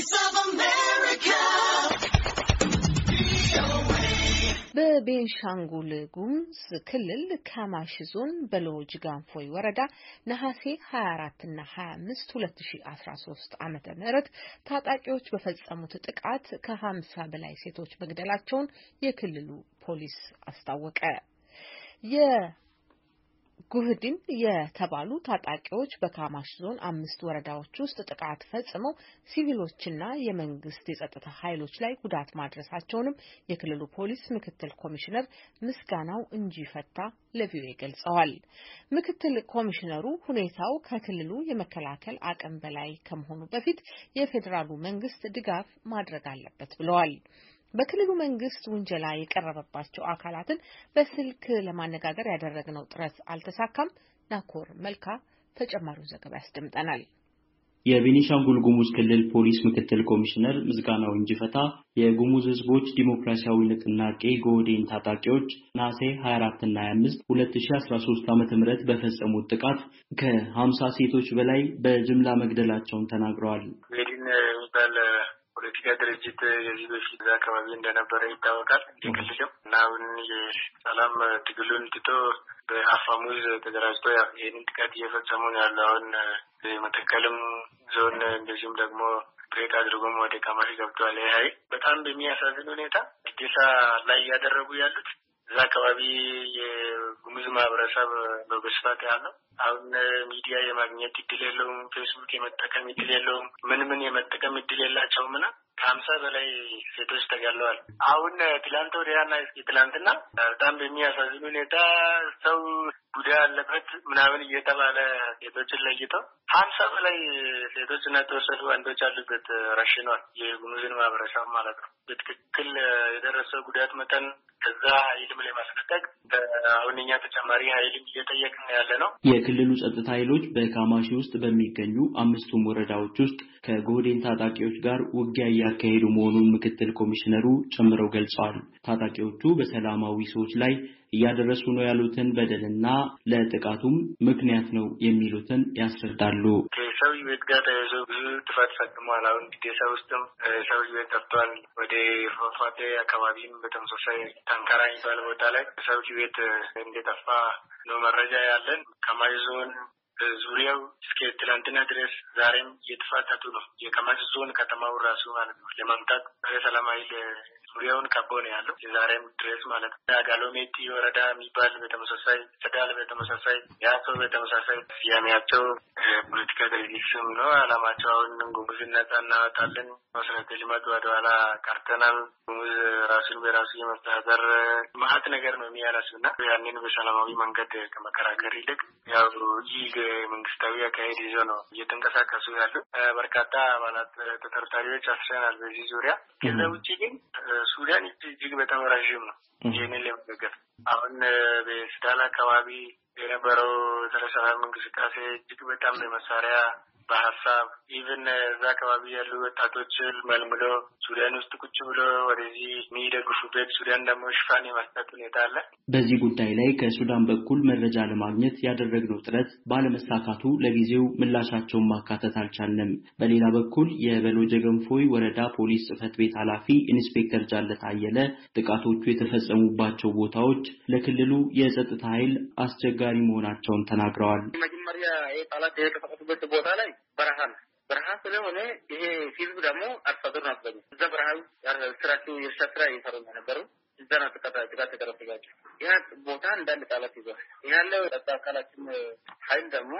Voice of America. በቤንሻንጉል ጉሙዝ ክልል ካማሽ ዞን በሎጅ ጋንፎይ ወረዳ ነሐሴ 24 እና 25 2013 ዓመተ ምህረት ታጣቂዎች በፈጸሙት ጥቃት ከ50 በላይ ሴቶች መግደላቸውን የክልሉ ፖሊስ አስታወቀ። ጉህዲን የተባሉ ታጣቂዎች በካማሽ ዞን አምስት ወረዳዎች ውስጥ ጥቃት ፈጽመው ሲቪሎችና የመንግስት የጸጥታ ኃይሎች ላይ ጉዳት ማድረሳቸውንም የክልሉ ፖሊስ ምክትል ኮሚሽነር ምስጋናው እንጂ ፈታ ለቪኦኤ ገልጸዋል። ምክትል ኮሚሽነሩ ሁኔታው ከክልሉ የመከላከል አቅም በላይ ከመሆኑ በፊት የፌዴራሉ መንግስት ድጋፍ ማድረግ አለበት ብለዋል። በክልሉ መንግስት ውንጀላ የቀረበባቸው አካላትን በስልክ ለማነጋገር ያደረግነው ጥረት አልተሳካም። ናኮር መልካ ተጨማሪውን ዘገባ ያስደምጠናል። የቤኒሻንጉል ጉሙዝ ክልል ፖሊስ ምክትል ኮሚሽነር ምዝጋናው እንጂፈታ የጉሙዝ ህዝቦች ዲሞክራሲያዊ ንቅናቄ ጎህዴን ታጣቂዎች ነሐሴ 24 እና 25 2013 ዓ.ም በፈጸሙት ጥቃት ከ50 ሴቶች በላይ በጅምላ መግደላቸውን ተናግረዋል። ሜዲን የሚባል የፖለቲካ ድርጅት የዚህ በፊት አካባቢ እንደነበረ ይታወቃል። የክልልም እና አሁን የሰላም ትግሉን ትቶ በአፋሙዝ ተደራጅቶ ይህንን ጥቃት እየፈጸሙ ነው ያለው። አሁን መተከልም ዞን እንደዚሁም ደግሞ ብሬክ አድርጎም ወደ ቀማሽ ገብቷል። ይሀይ በጣም በሚያሳዝን ሁኔታ ግዴታ ላይ እያደረጉ ያሉት እዛ አካባቢ የጉሙዝ ማህበረሰብ ነው በስፋት ያለው አሁን ሚዲያ የማግኘት እድል የለውም። ፌስቡክ የመጠቀም እድል የለውም። ምን ምን የመጠቀም እድል የላቸውም እና ከሀምሳ በላይ ሴቶች ተገለዋል። አሁን ትላንት ወዲያና እስኪ ትላንትና በጣም በሚያሳዝን ሁኔታ ሰው ጉዳይ ያለበት ምናምን እየተባለ ሴቶችን ለይተው ሀምሳ በላይ ሴቶች እና የተወሰዱ ወንዶች አሉበት ረሽኗል። የጉሙዝን ማህበረሰብ ማለት ነው። በትክክል የደረሰው ጉዳት መጠን ከዛ ይልም ላይ አሁን ተጨማሪ ኃይል እየጠየቅን ያለ ነው። የክልሉ ጸጥታ ኃይሎች በካማሺ ውስጥ በሚገኙ አምስቱም ወረዳዎች ውስጥ ከጎዴን ታጣቂዎች ጋር ውጊያ እያካሄዱ መሆኑን ምክትል ኮሚሽነሩ ጨምረው ገልጸዋል። ታጣቂዎቹ በሰላማዊ ሰዎች ላይ እያደረሱ ነው ያሉትን በደልና ለጥቃቱም ምክንያት ነው የሚሉትን ያስረዳሉ። ከሰው ቤት ጋር ተያይዞ ብዙ ጥፋት ፈጽሟል። አሁን ግዴሳ ውስጥም ሰው ቤት ጠፍቷል። ወደ ፏፏቴ አካባቢም በተመሳሳይ ታንካራ የሚባል ቦታ ላይ ሰው ቤት እንደጠፋ ነው መረጃ ያለን ከማይዞን በዙሪያው እስከ ትላንትና ድረስ ዛሬም እየተፋጠጡ ነው። የቀማሽ ዞን ከተማው ራሱ ማለት ነው ለመምጣት ረ ዙሪያውን ከቦ ነው ያለው የዛሬም ድረስ ማለት ነው። ጋሎሜጢ ወረዳ የሚባል በተመሳሳይ ሰዳል በተመሳሳይ ያቶ በተመሳሳይ ስያሜያቸው ፖለቲካ ድርጅትስም ነው አላማቸው። አሁን ጉሙዝ ነጻ እናወጣለን መሰረተ ልማት ወደኋላ ቀርተናል፣ ጉሙዝ ራሱን በራሱ የመስተዳደር መሀት ነገር ነው የሚያላሱ ያንን በሰላማዊ መንገድ ከመከራከር ይልቅ ያው ይህ መንግስታዊ አካሄድ ይዞ ነው እየተንቀሳቀሱ ያሉ። በርካታ አባላት ተጠርጣሪዎች አስረናል በዚህ ዙሪያ። ከዚ ውጭ ግን ሱዳን እጅግ በጣም ረዥም ነው። ይህንን ለመገገፍ አሁን በሱዳን አካባቢ የነበረው የተለሰላም እንቅስቃሴ እጅግ በጣም በመሳሪያ በሀሳብ ኢቨን እዛ አካባቢ ያሉ ወጣቶችን መልምሎ ሱዳን ውስጥ ቁጭ ብሎ ወደዚህ የሚደግፉበት ሱዳን ደግሞ ሽፋን የመስጠት ሁኔታ አለ። በዚህ ጉዳይ ላይ ከሱዳን በኩል መረጃ ለማግኘት ያደረግነው ጥረት ባለመሳካቱ ለጊዜው ምላሻቸውን ማካተት አልቻለም። በሌላ በኩል የበሎጀ ገንፎይ ወረዳ ፖሊስ ጽህፈት ቤት ኃላፊ ኢንስፔክተር ጃለት አየለ ጥቃቶቹ የተፈጸሙባቸው ቦታዎች ለክልሉ የጸጥታ ኃይል አስቸጋሪ ተጠቃሚ መሆናቸውን ተናግረዋል። መጀመሪያ ይህ ጣላት የተፈቀቱበት ቦታ ላይ በረሃል በረሃ ስለሆነ ይሄ ፊልም ደግሞ አርሶ አደር ናቸው። እዛ በረሃ ስራቸው የእርሻ ስራ እየሰሩ ነበሩ። እዛ ነው ጥቃት የደረሰባቸው። ያ ቦታ እንዳንድ ጣላት ይዟል። ያለው ጠጣ አካላችን ሀይል ደግሞ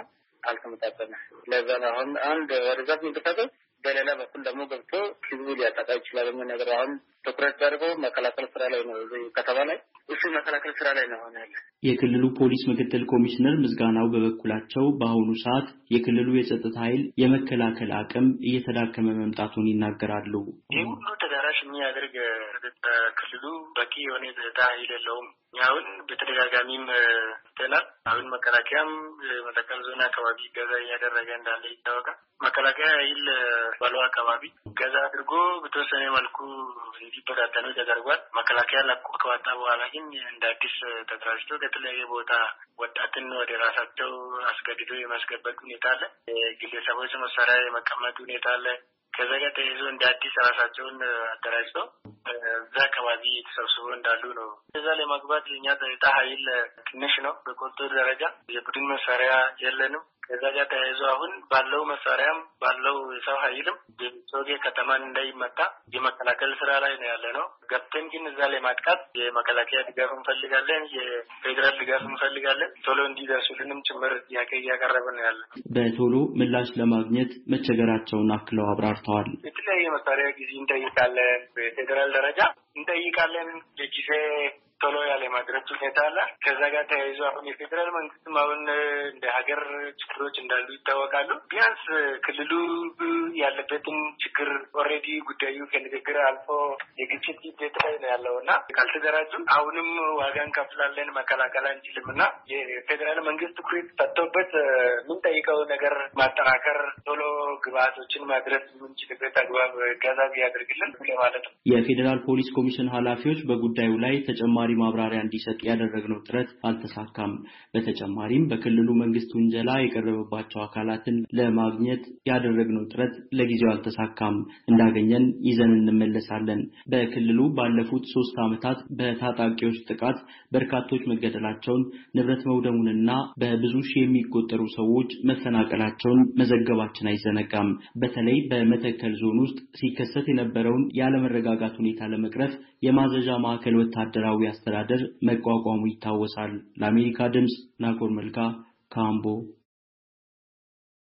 አልተመጣጠነ። ለዛ አሁን አንድ ወደዛ ሚንቀሳቀስ በሌላ በኩል ደግሞ ገብቶ ህዝቡ ሊያጠቃ ይችላል ነገር አሁን ትኩረት ደርጎ መከላከል ስራ ላይ ነው። ከተማ ላይ እሱ መከላከል ስራ ላይ ነው ያለ የክልሉ ፖሊስ ምክትል ኮሚሽነር ምዝጋናው በበኩላቸው በአሁኑ ሰዓት የክልሉ የጸጥታ ኃይል የመከላከል አቅም እየተዳከመ መምጣቱን ይናገራሉ። ይህ ሁሉ ተዳራሽ የሚያደርግ ክልሉ በቂ የሆነ የጸጥታ ኃይል የለውም። አሁን በተደጋጋሚም ትናል አሁን መከላከያም መተከል ዞን አካባቢ ገዛ እያደረገ እንዳለ ይታወቃል። መከላከያ ኃይል ባለው አካባቢ ገዛ አድርጎ በተወሰነ መልኩ እንዲበታተኑ ተደርጓል። መከላከያ ለቆ ከወጣ በኋላ ግን እንደ አዲስ ተደራጅቶ ከተለያየ ቦታ ወጣትን ወደ ራሳቸው አስገድዶ የማስገባት ሁኔታ አለ። ግለሰቦች መሳሪያ የመቀመጥ ሁኔታ አለ። ከዛ ጋር ተይዞ እንደ አዲስ ራሳቸውን አደራጅተው እዛ አካባቢ የተሰብስቦ እንዳሉ ነው። እዛ ለመግባት የኛ ጸጥታ ኃይል ትንሽ ነው። በቆልቶ ደረጃ የቡድን መሳሪያ የለንም። ከዛ ጋር ተያይዞ አሁን ባለው መሳሪያም ባለው የሰው ኃይልም ሶጌ ከተማን እንዳይመታ የመከላከል ስራ ላይ ነው ያለ ነው። ገብተን ግን እዛ ላይ ማጥቃት የመከላከያ ድጋፍ እንፈልጋለን፣ የፌዴራል ድጋፍ እንፈልጋለን። ቶሎ እንዲደርሱልንም ጭምር ጥያቄ እያቀረበ ነው ያለ ነው። በቶሎ ምላሽ ለማግኘት መቸገራቸውን አክለው አብራርተዋል። የተለያየ መሳሪያ ጊዜ እንጠይቃለን፣ በፌዴራል ደረጃ እንጠይቃለን የጊዜ ቶሎ ያለ ማድረግ ሁኔታ አለ። ከዛ ጋር ተያይዞ አሁን የፌዴራል መንግስትም አሁን እንደ ሀገር ችግሮች እንዳሉ ይታወቃሉ። ቢያንስ ክልሉ ያለበትን ችግር ኦልሬዲ ጉዳዩ ከንግግር አልፎ የግጭት ሂደት ላይ ነው ያለው እና ካልተደራጁም አሁንም ዋጋ እንከፍላለን መከላከል አንችልም እና የፌዴራል መንግስት ትኩረት ሰጥቶበት የምንጠይቀው ነገር ማጠናከር፣ ቶሎ ግብአቶችን ማድረስ የምንችልበት አግባብ ገዛ ያደርግልን ለማለት ነው። የፌዴራል ፖሊስ ኮሚሽን ኃላፊዎች በጉዳዩ ላይ ተጨማሪ ተጨማሪ ማብራሪያ እንዲሰጥ ያደረግነው ጥረት አልተሳካም። በተጨማሪም በክልሉ መንግስት ውንጀላ የቀረበባቸው አካላትን ለማግኘት ያደረግነው ጥረት ለጊዜው አልተሳካም። እንዳገኘን ይዘን እንመለሳለን። በክልሉ ባለፉት ሶስት ዓመታት በታጣቂዎች ጥቃት በርካቶች መገደላቸውን፣ ንብረት መውደሙንና በብዙ ሺህ የሚቆጠሩ ሰዎች መፈናቀላቸውን መዘገባችን አይዘነጋም። በተለይ በመተከል ዞን ውስጥ ሲከሰት የነበረውን ያለመረጋጋት ሁኔታ ለመቅረፍ የማዘዣ ማዕከል ወታደራዊ አስተዳደር መቋቋሙ ይታወሳል። ለአሜሪካ ድምፅ ናኮር መልካ ካምቦ